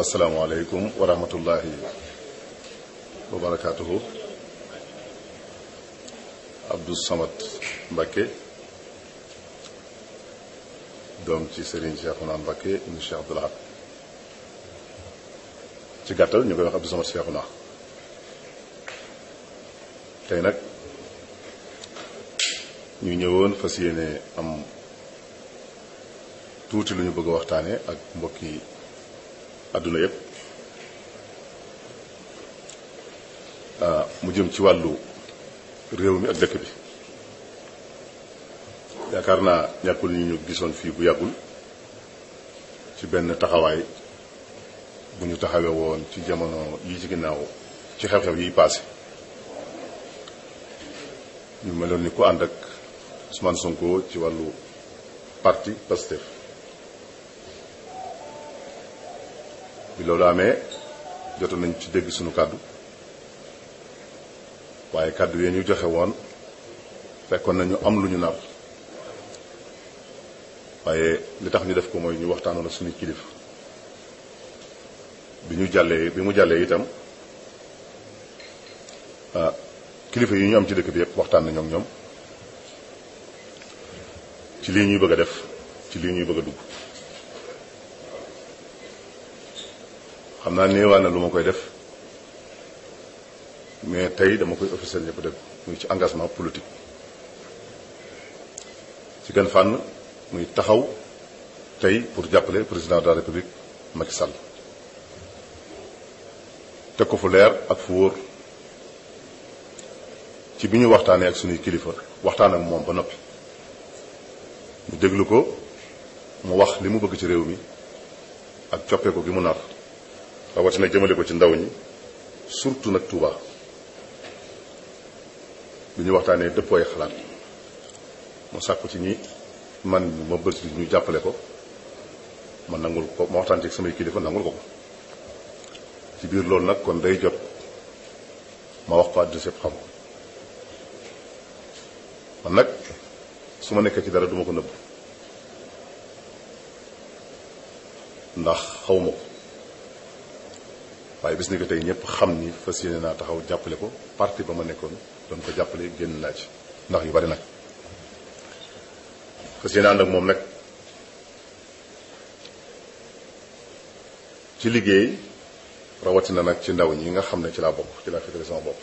asalaamaaleykum wa rahmatullahi wa barakaatuhu Abdou Samad Mbakke doom ci Serigne Cheikhouna Mbakke ibnu Cheikh Abdoul Ahad ci gàttal ñu koy wax Abdou Samad Cheikhouna tey nag ñu ñëwoon fas yéene am tuuti lu ñu bëgg a waxtaane ak mbokki àdduna yépp euh, mu jëm ci wàllu réew mi ak dëkk bi yaakaar naa ñàkkul ñu ñu gisoon fii bu yàggul ci benn taxawaay bu ñu taxawee woon ci jamono yi ci ginnaaw ci xew-xew yi paase ñu meloon ni ku ànd ak Ousmane ci wàllu parti Pastef bi loolu amee jot nañ ci dégg sunu kàddu waaye kàddu yee ñu joxe woon fekkoon nañu am lu ñu nar waaye li tax ñu def ko mooy ñu waxtaanu la suñu kilif bi ñu jàllee bi mu jàllee itam ah, kilifa yi ñu am ci dëkk bi yëpp waxtaan na ñoom ñoom ci lii ñuy bëgg a def ci lii ñuy bëgg a dugg xam naa néewaa na lu ma koy def mais tey dama koy officiel ñëpp def muy ci engagement politique ci gën fànn muy taxaw tey pour jàppale président de la république Macky Sall teg ko fu leer ak fu wóor ci bi ñu waxtaanee ak suñuy kilifa waxtaan ak moom ba noppi ñu déglu ko mu wax li mu bëgg ci réew mi ak coppeeku gi mu nar rawatina jëmale ko ci ndaw ñi surtout nag Touba lu ñu waxtaanee dëppooy xalaat mu sàkku ci ñi man ma bëgg ñu jàppale ko ma nangul ko ma waxtaan ci samay kilifa nangul ko ko ci biir loolu nag kon day jot ma wax ko àddina sépp xam ko man nag su ma nekkee ci dara duma ko nëbb ndax xawma ko waaye bis ni ko tey ñëpp xam ni fas yéene naa taxaw jàppale ko parti ba ma nekkoon doon ko jàppale génn naa ci ndax yu bari nag fas yéene ànd ak moom nag ci liggéey rawatina nag ci ndaw ñi nga xam ne ci laa bopp ci laa féetale sama bopp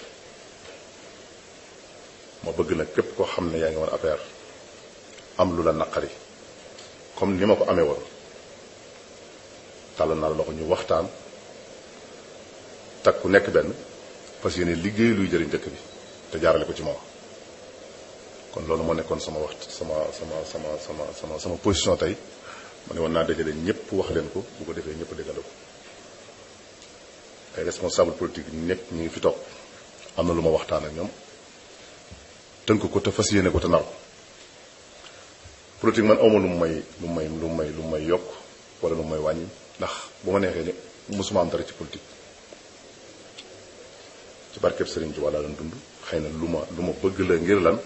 ma bëgg nag képp koo xam ne yaa ngi woon affaire am lu la naqari comme ni ma ko amee woon tàll naa loxo ñu waxtaan ku nekk benn fas yéene liggéey luy jëriñ dëkk bi te jaarale ko ci moom kon loolu moo nekkoon sama wax sama sama sama sama sama sama position tey ma ne wan naa dajale ñëpp wax leen ko bu ko defee ñëpp déggandoo ko ay responsable politique nekk ñu ngi fi toog am na lu ma waxtaan ak ñoom tënk ko te fas yéene ko te nar ko politique man awma lu may lu may lu may lu may yokk wala lu may wàññi ndax bu ma neexee ne mosuma am dara ci politique ci barkeb Serigne Touba laa doon dund xëy na lu ma lu ma bëgg la ngir lan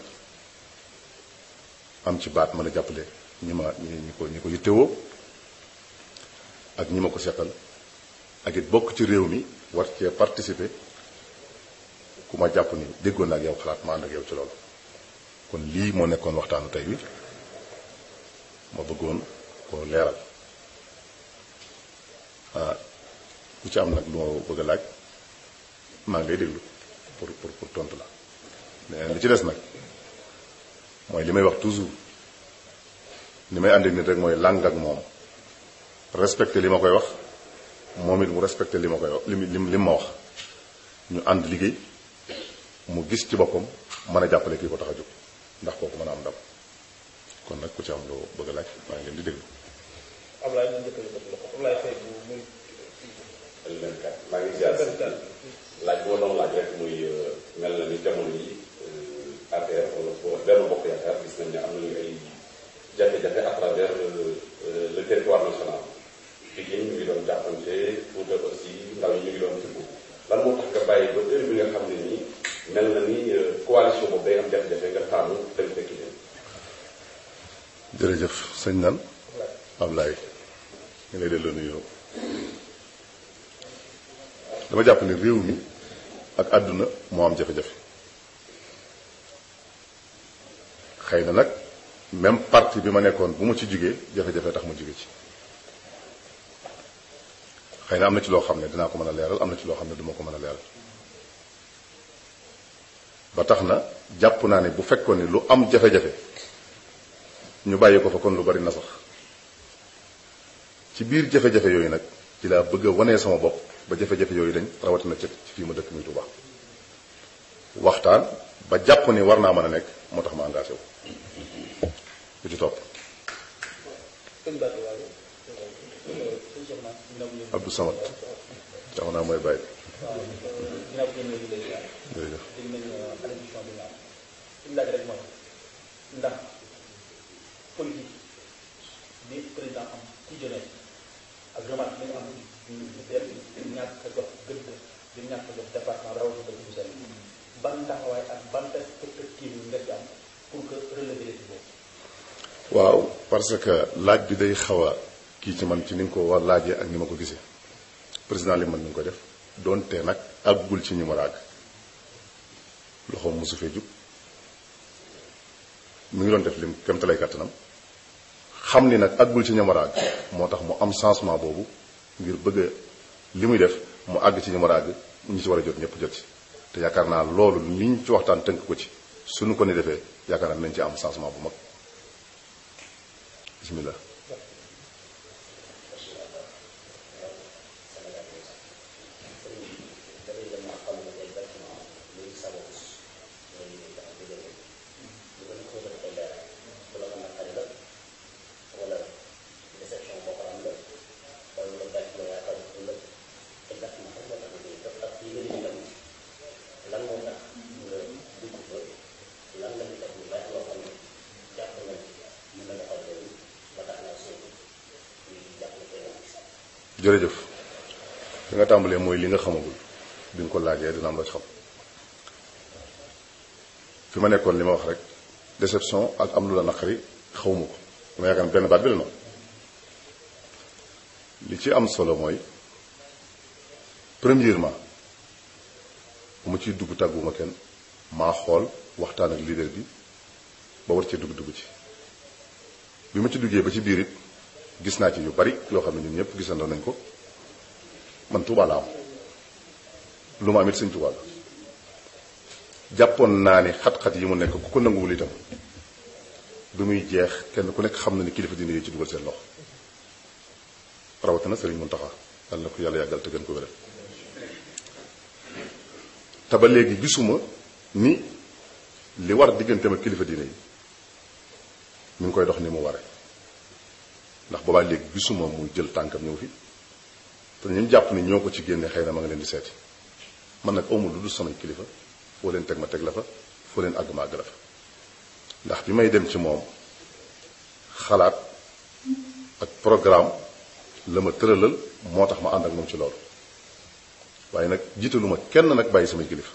am ci baat mën a jàppale ñi ma ñi ko ñi ko yittewoo ak ñi ma ko seqal ak it bokk ci réew mi war cee participer ku ma jàpp ni déggoon naa ak yow xalaat ma ànd ak yow ci loolu kon lii moo nekkoon waxtaanu tey wi ma bëggoon koo leeral ah ku ci am nag lu ma bëgg laaj. maa ngay déglu pour pour pour tontu la mais li ci des nag mooy li may wax toujours ni may ànd nit rek mooy làng ak moom respecté li ma koy wax moom it mu respecté li ma koy wax li li ma wax ñu ànd liggéey mu gis ci boppam mën a jàppale kii ko tax a jóg ndax kooku mën a am ndam kon nag ku ci am loo bëgg a laaj maa ngi leen di déglu. laaj boo doon laaj rek muy euh, mel na ni jamono yi euh, APR wala benn bokk yaakaar gis jafe-jafe à travers euh, le territoire national jigéen ñu ngi doon jàppante Fuuta aussi ndaw tax nga bàyyi ba heure bi xam ne nii mel na ni coalition boobu am jafe-jafe nga tànn dem fekki leen jërëjëf sëñ nan Ablaye ñu lay delloo nuyoo dama jàpp ni réew mi ak àdduna moo am jafe-jafe xëy na nag même partie bi ma nekkoon bu ma ci jugee jafe-jafe tax ma jugee ci xëy na am na ci loo xam ne dinaa ko mën a leeral am na ci loo xam ne duma ko mën a leeral ba tax na jàpp naa ni bu fekkoon ni lu am jafe-jafe ñu bàyyi ko fa kon lu bari na sax ci biir jafe-jafe yooyu nag ci laa bëgg a wane sama bopp ba jafe-jafe yooyu dañ rawatina ci fii ma dëkk muy Touba waxtaan ba jàpp ni war naa mën a nekk moo tax ma engagé wu bu ci topp Abdou Samad mooy bàyyi ndax politique waaw parce que laaj bi day xaw a kii ci man ci ni nga ko war laajee ak ni ma ko gisee président li man ni ko def donte nag àggul ci ñi ma raag loxoom mosu fee jub mu ngi doon def lim kémtalay kàttanam xam ni nag àggul ci ñamaraag moo tax mu am changement boobu ngir bëgg li muy def mu àgg ci ñu war a àgg ci war a jot ñëpp jot ci te yaakaar naa loolu ñu ci waxtaan tënk ko ci suñu ko ne defee yaakaar naa nañ ci am changement bu mag bismillah jërëjëf li nga tàmbalee mooy li nga xamagul bi nga ko laajee dina am la xam fi ma nekkoon li ma wax rek déception ak am lu la naqari xawma ko dama yaakaar benn baat bi la noonu li ci am solo mooy premièrement bu ma ciy dugg tàgguma kenn maa xool waxtaan ak leader bi ba war cee dugg dugg ci bi ma ci duggee ba ci biir it gis naa ci yu bari yoo xam ne ñun ñëpp gisandoo nañ ko man Touba am lu ma amit sëñ Touba la jàppoon naa ni xat-xat yi mu nekk ku ko nanguwul itam bi muy jeex kenn ku nekk xam na ni kilifa diine yi ci dugal seen loxo rawatina Sëriñ Mountakha yàlla na ko yàlla yàggal te gën ko wéral te léegi gisuma ni li war diggante ma kilifa diine yi mi ngi koy dox ni mu ware ndax boobaa léegi gisuma mu jël tànkam ñëw fi te ñun jàpp ni ñoo ko ci génne xëy na ma nga leen di seeti man nag awma lu dul samay kilifa foo leen teg ma teg la fa foo leen àgg ma àgg la fa ndax bi may dem ci moom xalaat ak programme la ma tëralal moo tax ma ànd ak moom ci loolu waaye nag jiitaluma kenn nag bàyyi samay kilifa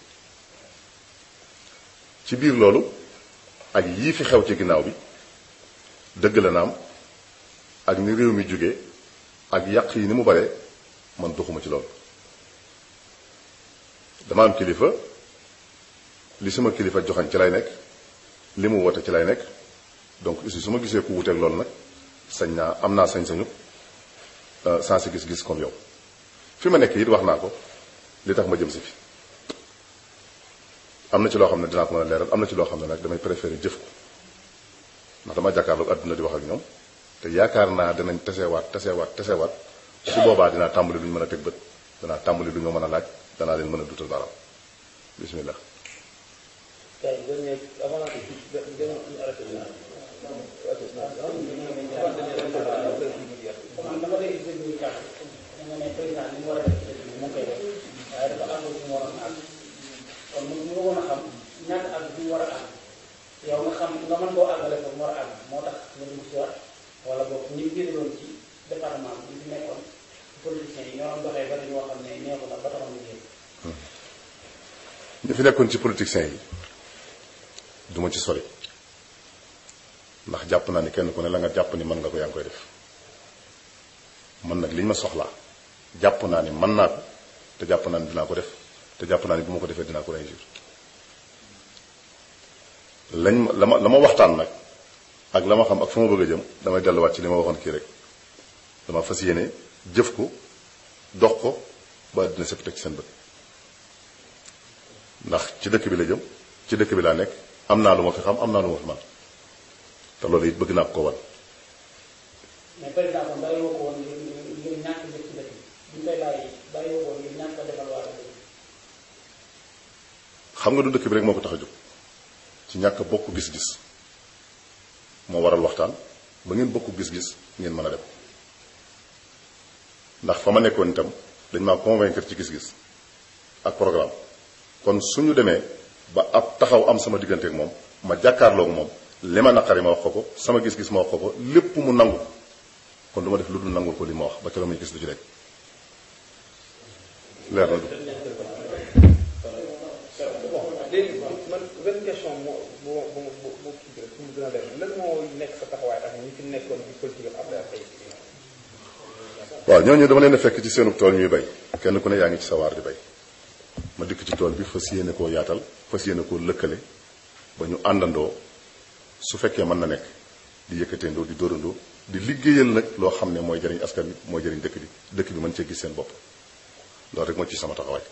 ci biir loolu ak yii fi xew ci ginnaaw bi dëgg la naam ak ni réew mi jóge ak yàq yi ni mu bare man doxuma ci loolu dama am kilifa li sama kilifa joxañ ci lay nekk li mu woote ci lay nekk donc aussi su ma gisee ku wuteeg loolu nag sañ naa am naa sañ-sañu euh, sans gis-gis comme yow fi ma nekk it wax naa ko li tax ma jëm si fi am na ci loo xam ne dinaa ko mën a leeral am na ci loo xam ne nag damay préféré jëf ko ndax dama jàkkaarloog àdduna di wax ak ñoom te yaakaar naa danañ tasewaat tasewaat tasewaat su boobaa dinaa tàmbali lu ñu mën a teg bët danaa tàmbali lu ñu mën a laaj danaa leen mën a dutal dara génnoon fi nekkoon ci politiciens yi duma ci sori ndax jàpp naa ni kenn ku ne la nga jàpp ni man nga ko yaa ngi koy def man nag liñ ma soxlaa jàpp naa ni man naa ko te jàpp naa ni dinaa ko def te jàpp naa ni bu ma ko defee dinaa ko réussir lañ ma la ma la ma waxtaan nag. ak la ma xam ak fa ma bëgg a jëm damay delluwaat ci li ma waxoon kii rek dama fas yéene jëf ko dox ko ba dina sëpp ci seen bët ndax ci dëkk bi la jëm ci dëkk bi laa nekk am naa lu ma fi xam am naa lu ma fi man te loolu it bëgg naa ko wan. ko woon xam nga du dëkk bi rek moo ko tax a jóg ci ñàkk bokk gis-gis. moo waral waxtaan ba ngeen bokk gis-gis ngeen mën a dem ndax fa ma nekkoon itam dañ maa convaincre ci gis-gis ak programme kon suñu demee ba ab taxaw am sama diggante ak moom ma jàkkaarloo ak moom li ma naqari ma wax ko ko sama gis-gis ma wax ko ko lépp mu nangu kon du ma def lu dul nangul ko li ma wax ba keroog muy gis du ci rek man ñoo question dama leen fekk ci seenu tool ñuy bay kenn ku ne yaa ngi ci sawaar di bay ma dikk ci tool bi fës yéene koo yaatal fas yéene koo lëkkale ba ñu àndandoo su fekkee mën na nekk di yëkkateendoo di dóorandoo di liggéeyal nag loo xam ne mooy jëriñ askan bi mooy jëriñ dëkk bi dëkk bi mën cee gis seen bopp loolu rek moo ci sama taxawaay.